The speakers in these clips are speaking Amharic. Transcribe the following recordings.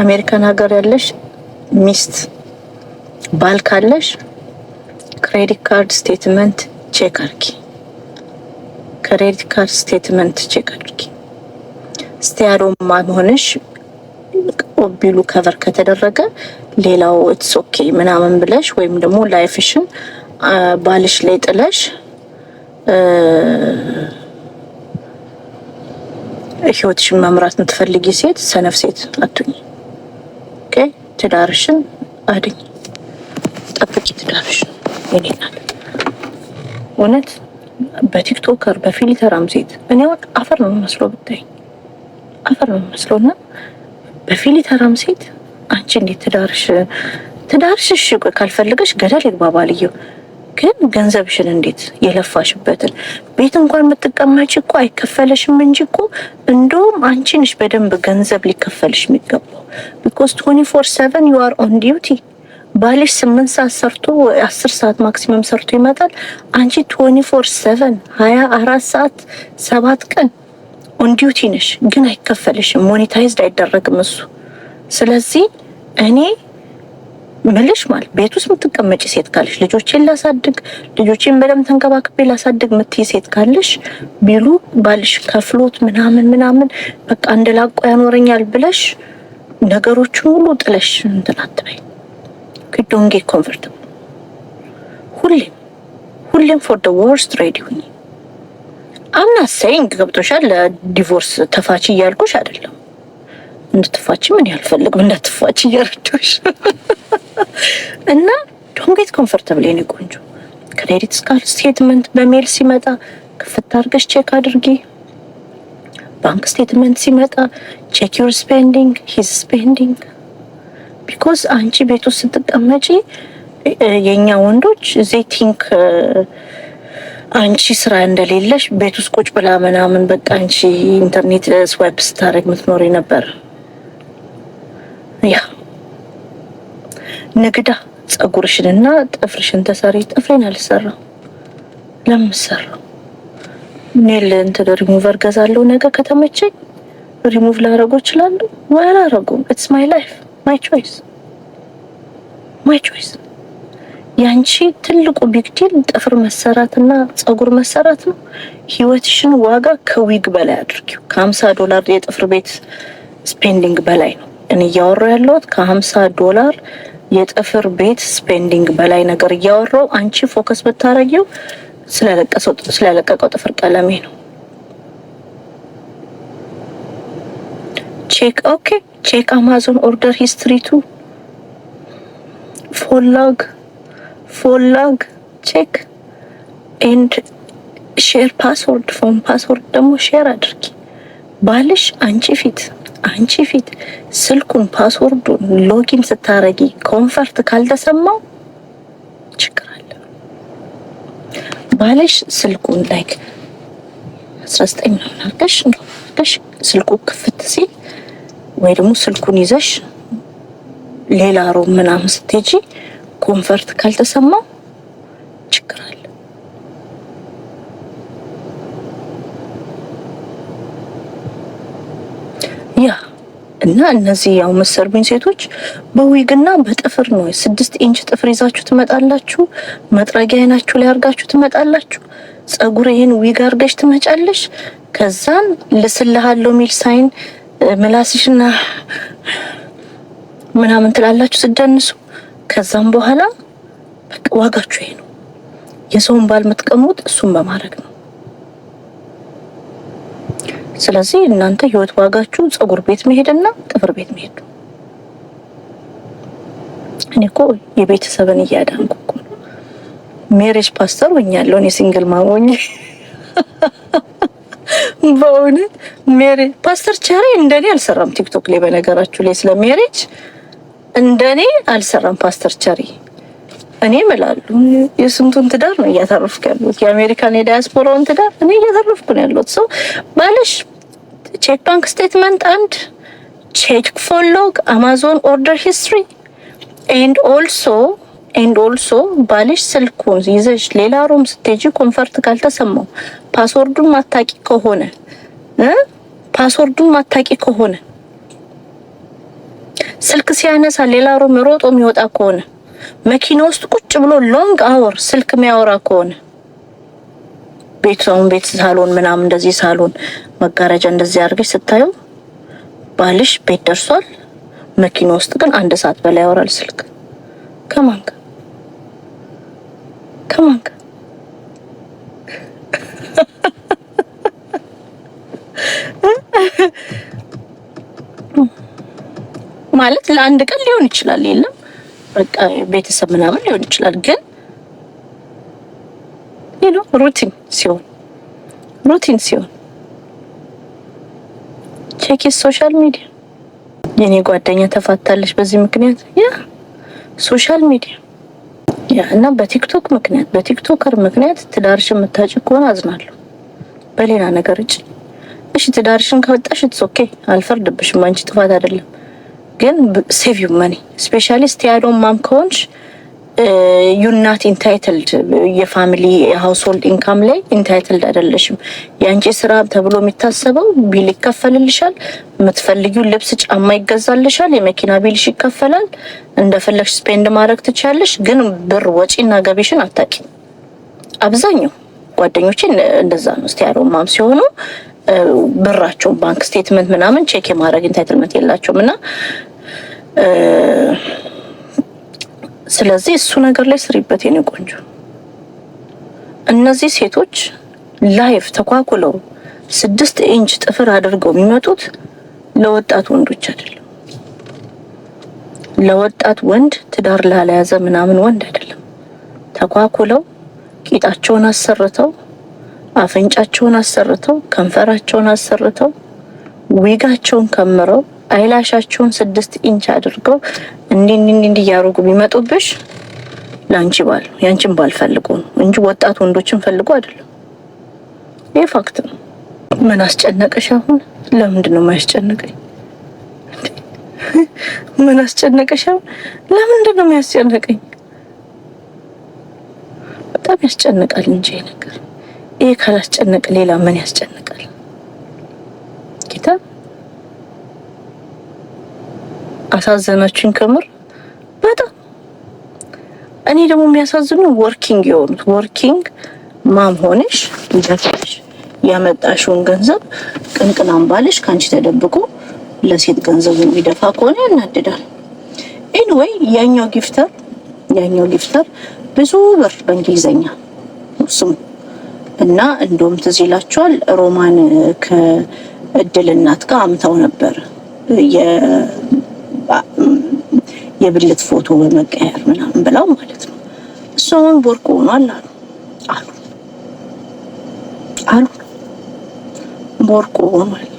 አሜሪካን ሀገር ያለሽ ሚስት ባል ካለሽ ክሬዲት ካርድ ስቴትመንት ቼክ አድርጊ። ክሬዲት ካርድ ስቴትመንት ቼክ አድርጊ። ስቲያዶማ መሆንሽ ኦቢሉ ከቨር ከተደረገ ሌላው ኢትስ ኦኬ ምናምን ብለሽ ወይም ደግሞ ላይፍሽን ባልሽ ላይ ጥለሽ ህይወትሽን መምራት የምትፈልጊ ሴት ሰነፍ ሴት አትሁኝ። ትዳርሽን አድኝ፣ ጠብቂ ትዳርሽን። ይኔናል እውነት በቲክቶከር በፊሊተራም ሴት እኔ ወቅ አፈር ነው የምመስለው፣ ብታይ አፈር ነው የምመስለው። እና በፊሊተራም ሴት አንቺ እንዴት ትዳርሽ ትዳርሽ ካልፈልገሽ ገደል ይግባ ባልየው ግን ገንዘብሽን እንዴት የለፋሽበትን ቤት እንኳን የምትቀማች እኮ አይከፈለሽም እንጂ እኮ እንደውም አንቺ ነሽ በደንብ ገንዘብ ሊከፈልሽ የሚገባው። ቢኮዝ ትዌንቲ ፎር ሰቨን ዩ አር ኦን ዲዩቲ። ባልሽ ስምንት ሰዓት ሰርቶ አስር ሰዓት ማክሲመም ሰርቶ ይመጣል። አንቺ ትዌንቲ ፎር ሰቨን ሀያ አራት ሰዓት ሰባት ቀን ኦን ዲዩቲ ነሽ፣ ግን አይከፈልሽም። ሞኔታይዝድ አይደረግም እሱ። ስለዚህ እኔ ምልሽ ማለት ቤት ውስጥ የምትቀመጪ ሴት ካለሽ ልጆቼን ላሳድግ ልጆቼን በደንብ ተንከባክቤ ላሳድግ የምትይ ሴት ካለሽ ቢሉ ባልሽ ከፍሎት ምናምን ምናምን በቃ እንደ ላቆ ያኖረኛል ብለሽ ነገሮችን ሁሉ ጥለሽ እንትን አትበይ። ዶንጌ ኮንቨርት ሁሌም ሁሌም ፎር ደ ወርስት ሬዲ ሁኝ። አምና ሰይንግ ገብቶሻል። ለዲቮርስ ተፋች እያልኩሽ አይደለም እንድትፋች ምን ያልፈልግም እንዳትፋች እየረዳሽ እና ዶንት ጌት ኮምፎርታብል የኔ ቆንጆ ከሬዲት ስካል ስቴትመንት በሜል ሲመጣ ክፍት አድርገሽ ቼክ አድርጊ። ባንክ ስቴትመንት ሲመጣ ቼክ ዩር ስፔንዲንግ ሂዝ ስፔንዲንግ ቢኮዝ አንቺ ቤት ውስጥ ስትቀመጪ የኛ ወንዶች ዜይ ቲንክ uh, አንቺ ስራ እንደሌለሽ ቤት ውስጥ ቁጭ ብላ ምናምን በቃ አንቺ ኢንተርኔት ስዋይፕ uh, ስታደርግ ምትኖሪ ነበር። ያ ንግዳ ጸጉርሽንና ጥፍርሽን ተሰሪ። ጥፍሬን አልሰራ። ለምን ኔል እንትን ሪሙቨር ገዛለሁ ነገ ከተመቸኝ ሪሙቭ ላረገው እችላለሁ ወይ አላረገውም። ኢትስ ማይ ላይፍ ማይ ቾይስ ማይ ቾይስ። ያንቺ ትልቁ ቢግ ዲል ጥፍር መሰራትና ጸጉር መሰራት ነው። ህይወትሽን ዋጋ ከዊግ በላይ አድርጊው። ከሀምሳ ዶላር የጥፍር ቤት ስፔንዲንግ በላይ ነው። እኔ እያወራሁ ያለሁት ከሀምሳ ዶላር የጥፍር ቤት ስፔንዲንግ በላይ ነገር እያወራሁ አንቺ ፎከስ ብታረጊው ስለለቀቀው ጥፍር ቀለሜ ነው። ቼክ ኦኬ፣ ቼክ አማዞን ኦርደር ቱ ፎላግ ፎላግ ቼክ ኤንድ ሼር ፓስወርድ ፎን ፓስወርድ ደግሞ ሼር አድርጊ ባልሽ አንቺ ፊት አንቺ ፊት ስልኩን ፓስወርዱን ሎጊን ስታረጊ ኮንፈርት ካልተሰማው ችግር አለ። ባለሽ ስልኩን ላይክ 19 ምናምን አድርገሽ እንደሽ ስልኩ ክፍት ሲል ወይ ደግሞ ስልኩን ይዘሽ ሌላ ሮም ምናምን ስትሄጂ ኮንፈርት ካልተሰማው ችግር አለ። እና እነዚህ ያው የምትሰርቡኝ ሴቶች በዊግና በጥፍር ነው። ስድስት ኢንች ጥፍር ይዛችሁ ትመጣላችሁ። መጥረጊያ አይናችሁ ላይ አርጋችሁ ትመጣላችሁ። ጸጉር ይህን ዊግ አርገሽ ትመጫለሽ። ከዛን ልስልሃለሁ ሚል ሳይን ምላስሽና ምናምን ትላላችሁ ስደንሱ። ከዛም በኋላ ዋጋችሁ ይሄ ነው። የሰውን ባል የምትቀሙት እሱን በማድረግ ነው። ስለዚህ እናንተ ህይወት ዋጋችሁ ፀጉር ቤት መሄድና ጥፍር ቤት መሄድ። እኔ እኮ የቤተሰብን እያዳንኩ እኮ ነው። ሜሬጅ ፓስተር ሆኛለሁ እኔ ሲንግል ማሞኝ በእውነት ፓስተር ቸሬ እንደኔ አልሰራም ቲክቶክ ላይ። በነገራችሁ ላይ ስለ ሜሬጅ እንደኔ አልሰራም ፓስተር ቸሬ እኔ እምላለሁ የስንቱን ትዳር ነው እያተረፍኩ ያሉት? የአሜሪካን የዳያስፖራውን ትዳር እኔ እያተረፍኩ ነው ያሉት። ሰው ባለሽ ቼክ ባንክ ስቴትመንት አንድ ቼክ ፎሎግ አማዞን ኦርደር ሂስትሪ ኤንድ ኦልሶ ኤንድ ኦልሶ ባልሽ ስልኩን ይዘሽ ሌላ ሮም ስትሄጂ ኮንፈርት ካልተሰማው ፓስወርዱን ማታቂ ከሆነ ፓስወርዱን ማታቂ ከሆነ ስልክ ሲያነሳ ሌላ ሮም ሮጦ የሚወጣ ከሆነ መኪና ውስጥ ቁጭ ብሎ ሎንግ አወር ስልክ የሚያወራ ከሆነ ቤቱን ቤት ሳሎን ምናምን እንደዚህ ሳሎን መጋረጃ እንደዚህ አድርገሽ ስታየው ባልሽ ቤት ደርሷል። መኪና ውስጥ ግን አንድ ሰዓት በላይ ያወራል ስልክ ከማን ጋር ከማን ጋር ማለት ለአንድ ቀን ሊሆን ይችላል የለም በቃ ቤተሰብ ምናምን ሊሆን ይችላል። ግን ይሉ ሩቲን ሲሆን ሩቲን ሲሆን ቼክ ሶሻል ሚዲያ የኔ ጓደኛ ተፋታለች በዚህ ምክንያት ያ ሶሻል ሚዲያ ያ እና በቲክቶክ ምክንያት በቲክቶከር ምክንያት ትዳርሽን የምታጭ ከሆነ አዝናለሁ። በሌላ ነገር እጭ እሺ፣ ትዳርሽን ካወጣሽ ኦኬ፣ አልፈርድብሽም። አንቺ ጥፋት አይደለም። ግን ሴቭ ዩ መኒ ስፔሻሊስት ያለውን አት ማም ከሆንሽ ዩናት ኢንታይትልድ የፋሚሊ ሃውስሆልድ ኢንካም ላይ ኢንታይትልድ አይደለሽም። የአንቺ ስራ ተብሎ የሚታሰበው ቢል ይከፈልልሻል፣ የምትፈልጊው ልብስ ጫማ ይገዛልሻል፣ የመኪና ቢልሽ ይከፈላል። እንደፈለግሽ ስፔንድ ማድረግ ትችያለሽ፣ ግን ብር ወጪና ገቢሽን አታቂ። አብዛኛው ጓደኞቼ እንደዛ ነው። ስቲያሮ ማም ሲሆኑ ብራቸው ባንክ ስቴትመንት ምናምን ቼክ የማድረግ ኢንታይትልመንት የላቸውም እና ስለዚህ እሱ ነገር ላይ ስሪበት የኔ ቆንጆ። እነዚህ ሴቶች ላይፍ ተኳኩለው ስድስት ኢንች ጥፍር አድርገው የሚመጡት ለወጣት ወንዶች አይደለም። ለወጣት ወንድ ትዳር ላለያዘ ምናምን ወንድ አይደለም። ተኳኩለው ቂጣቸውን አሰርተው አፍንጫቸውን አሰርተው ከንፈራቸውን አሰርተው ዊጋቸውን ከምረው አይላሻቸውን ስድስት ኢንች አድርገው እንዲ እንዲ እንዲ እያደረጉ ቢመጡብሽ ላንቺ ባል ያንቺን ባል ፈልጎ ነው እንጂ ወጣት ወንዶችን ፈልጎ አይደለም። ይህ ፋክት ነው። ምን አስጨነቀሽ አሁን? ለምንድን ነው የሚያስጨንቀኝ? ምን አስጨነቀሽ አሁን? ለምንድን ነው የሚያስጨንቀኝ? በጣም ያስጨንቃል እንጂ ነገር ይህ ካላስጨነቅ ሌላ ምን ያስጨንቃል? ጌታ አሳዘነችን ከምር በጣም እኔ ደግሞ የሚያሳዝኑ ወርኪንግ የሆኑት ወርኪንግ ማም ሆነሽ ልጃሽ ያመጣሽውን ገንዘብ ቅንቅናም ባልሽ ከአንቺ ተደብቆ ለሴት ገንዘቡ የሚደፋ ከሆነ ያናድዳል። ኤኒዌይ ያኛው ጊፍተር ያኛው ጊፍተር ብዙ ብር በእንግሊዘኛ ስሙ እና እንደውም ትዝ ይላችኋል ሮማን ከእድል እናት ጋር አምተው ነበር የብልት ፎቶ በመቀየር ምናምን ብለው ማለት ነው። እሱን ቦርቅ ሆኗል አሉ አሉ አሉ ቦርቅ ሆኗል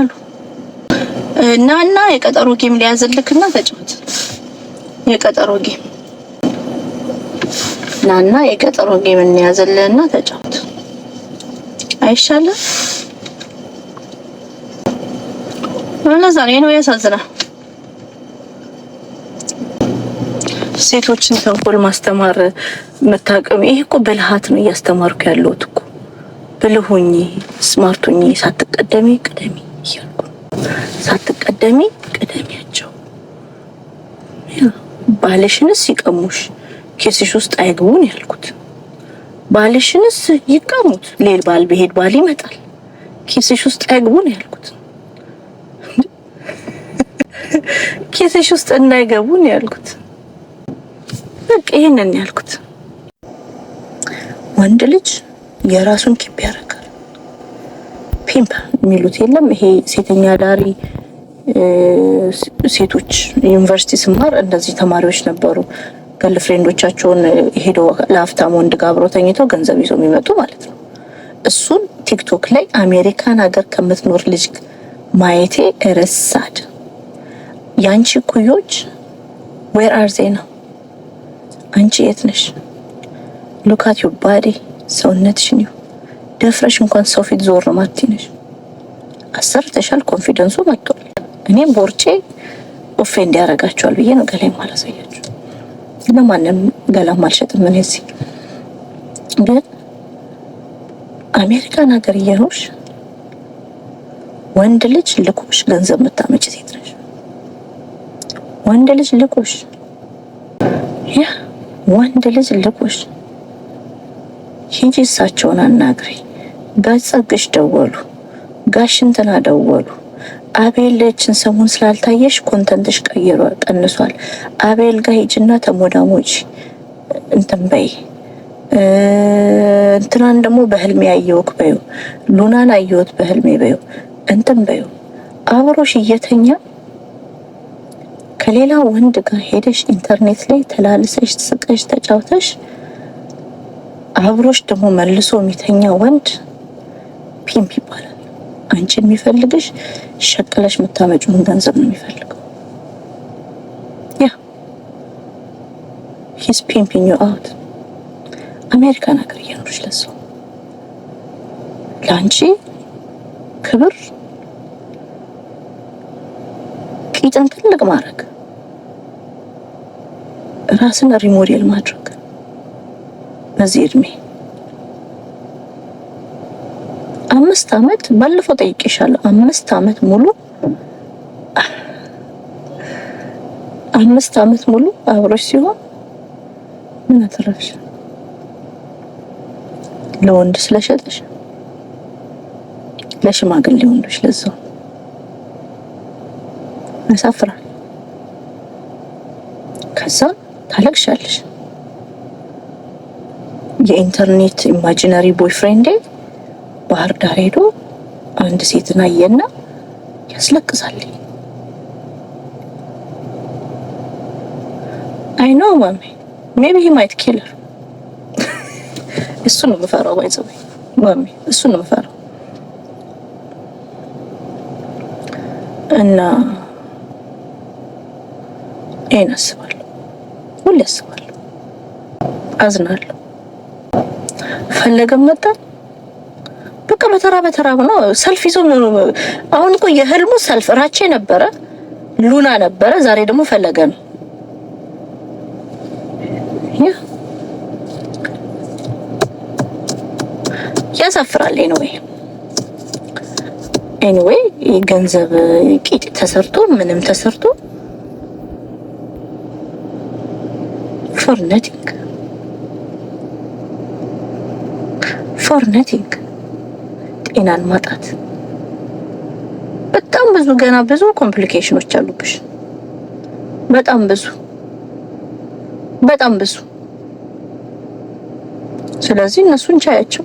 አሉ እና እና የቀጠሮ ጌም ሊያዘልክና ተጫወት የቀጠሮ ጌም ናና የገጠሩ ጌም እንያዘልንና ተጫወት አይሻልም? ለዛ ነው ነው ያሳዝናል። ሴቶችን ተንኮል ማስተማር መታቀም፣ ይሄ እኮ በልሃት ነው እያስተማርኩ ያለሁት እኮ ብልሁኝ፣ ስማርቱኝ፣ ሳትቀደሚ ቅደሚ እያልኩ ሳትቀደሚ ቅደሚያቸው፣ ባለሽንስ ይቀሙሽ ኬስሽ ውስጥ አይግቡን ያልኩት። ባልሽንስ ይቀሙት። ሌል ባል ቢሄድ ባል ይመጣል። ኬስሽ ውስጥ አይግቡን ያልኩት። ኬስሽ ውስጥ እንዳይገቡን ያልኩት። በቃ ይሄንን ያልኩት። ወንድ ልጅ የራሱን ኪፕ ያደርጋል። ፒምፕ የሚሉት የለም ይሄ ሴተኛ ዳሪ ሴቶች ዩኒቨርሲቲ ስማር እንደዚህ ተማሪዎች ነበሩ። ገርል ፍሬንዶቻቸውን ሄደው ለሀብታም ወንድ ጋር አብረው ተኝተው ገንዘብ ይዞ የሚመጡ ማለት ነው። እሱን ቲክቶክ ላይ አሜሪካን ሀገር ከምትኖር ልጅ ማየቴ ረሳድ። የአንቺ ኩዮች ዌር አር ዜ ነው። አንቺ የት ነሽ? ሉካት ዩ ባዲ ሰውነትሽን ዩ ደፍረሽ እንኳን ሰው ፊት ዞር ማቲ ነሽ። አሰርተሻል። ኮንፊደንሱ መጥቷል። እኔም ቦርጬ ኦፌንድ ያደርጋቸዋል ብዬ ነው ገላይ ማለት ለማንም ገላም አልሸጥም። ምን እዚህ ግን አሜሪካን ሀገር እየኖርሽ ወንድ ልጅ ልኮሽ ገንዘብ የምታመጭ ሴት ነሽ። ወንድ ልጅ ልኮሽ ያ ወንድ ልጅ ልኮሽ ሂጂ እሳቸውን አናግሪ። ጋሽ ጸግሽ ደወሉ፣ ጋሽ እንትና ደወሉ አቤል አቤልችን ሰሞን ስላልታየሽ ኮንተንትሽ ቀይሮ ቀንሷል። አቤል ጋር ሂጂና ተሞዳሞች እንትን በይ። እንትናን ደግሞ በህልሜ አየሁክ በዩ፣ ሉናን አየውት በህልሜ በዩ፣ እንትን በዩ። አብሮሽ እየተኛ ከሌላ ወንድ ጋር ሄደሽ ኢንተርኔት ላይ ተላልሰሽ ስቀሽ ተጫውተሽ አብሮሽ ደግሞ መልሶ የሚተኛ ወንድ ፒምፕ ይባላል። አንቺ የሚፈልግሽ ሸቅለሽ የምታመጪውን ገንዘብ ነው የሚፈልገው። ያ ሂስ ፒምፒንግ ዩ አውት። አሜሪካን ሀገር እየኖርሽ ለሰው ለአንቺ ክብር ቂጥን ትልቅ ማድረግ ራስን ሪሞዴል ማድረግ በዚህ እድሜ አምስት አመት ባለፈው ጠይቄሻለሁ። አምስት አመት ሙሉ አምስት አመት ሙሉ አብሮሽ ሲሆን ምን አተረፍሽ? ለወንድ ስለሸጠሽ ለሽማግሌ ወንዶች ለዛው ያሳፍራል። ከዛ ታለቅሻለሽ። የኢንተርኔት ኢማጂነሪ ቦይፍሬንዴ ባህር ዳር ሄዶ አንድ ሴትን አየና ያስለቅሳል። አይ ኖ ማሚ ሜቢ ሂ ማይት ኪለር እሱ ነው የምፈራው። ባይዘው ማሚ እሱ ነው የምፈራው እና ይሄን አስባለሁ፣ ሁሌ አስባለሁ፣ አዝናለሁ። ፈለገም መጣ በተራ በተራ ሆኖ ሰልፍ ይዞ አሁን እኮ የህልሙ ሰልፍ ራቼ ነበረ፣ ሉና ነበረ፣ ዛሬ ደግሞ ፈለገ ነው። ያሳፍራል። ኤኒዌይ ኤኒዌይ ገንዘብ ቂጥ ተሰርቶ ምንም ተሰርቶ ፎር ነቲንግ ፎር ነቲንግ ጤናን ማጣት በጣም ብዙ ገና ብዙ ኮምፕሊኬሽኖች አሉብሽ። በጣም ብዙ በጣም ብዙ። ስለዚህ እነሱን ቻያቸው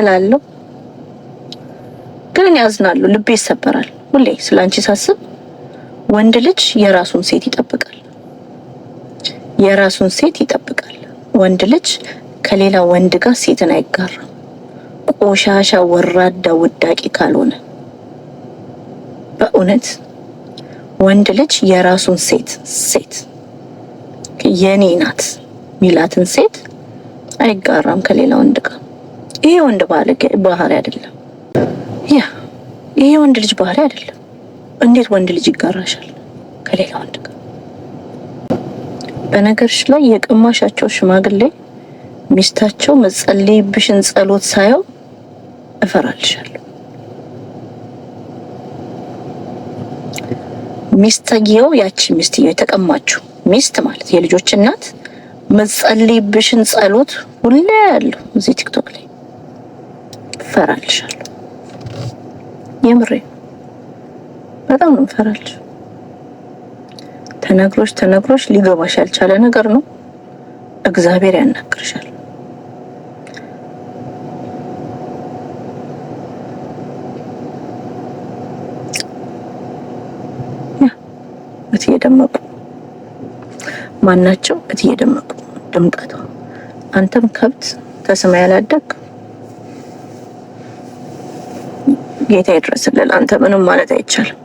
እላለሁ። ግን ያዝናሉ ልቤ ይሰበራል። ሁሌ ስላንቺ ሳስብ ወንድ ልጅ የራሱን ሴት ይጠብቃል፣ የራሱን ሴት ይጠብቃል። ወንድ ልጅ ከሌላ ወንድ ጋር ሴትን አይጋራም ቆሻሻ ወራዳ ወዳቂ ካልሆነ በእውነት ወንድ ልጅ የራሱን ሴት ሴት የኔ ናት ሚላትን ሴት አይጋራም ከሌላ ወንድ ጋር። ይሄ ወንድ ባህሪ አይደለም። ያ ይሄ ወንድ ልጅ ባህሪ አይደለም። እንዴት ወንድ ልጅ ይጋራሻል ከሌላ ወንድ ጋር? በነገርሽ ላይ የቅማሻቸው ሽማግሌ ሚስታቸው መጸለይብሽን ጸሎት ሳየው እፈራልሻለሁ። ሚስትየው ያቺ ሚስትየው የተቀማችው ሚስት ማለት የልጆች እናት መጸልይብሽን ጸሎት ሁሌ ያለው እዚህ ቲክቶክ ላይ እፈራልሻለሁ። የምሬ በጣም ነው እፈራልሽ። ተነግሮሽ ተነግሮሽ ሊገባሽ ያልቻለ ነገር ነው። እግዚአብሔር ያናግርሻል። ደመቁ ማናቸው? እትዬ ደመቁ አንተም ከብት ተስማ ያላደግ ጌታ ይድረስልህ። አንተ ምንም ማለት አይቻልም።